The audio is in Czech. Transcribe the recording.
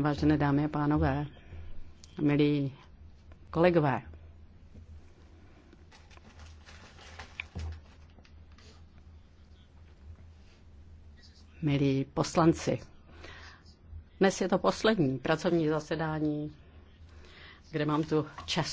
Vážené dámy a pánové, milí kolegové, milí poslanci, dnes je to poslední pracovní zasedání, kde mám tu čest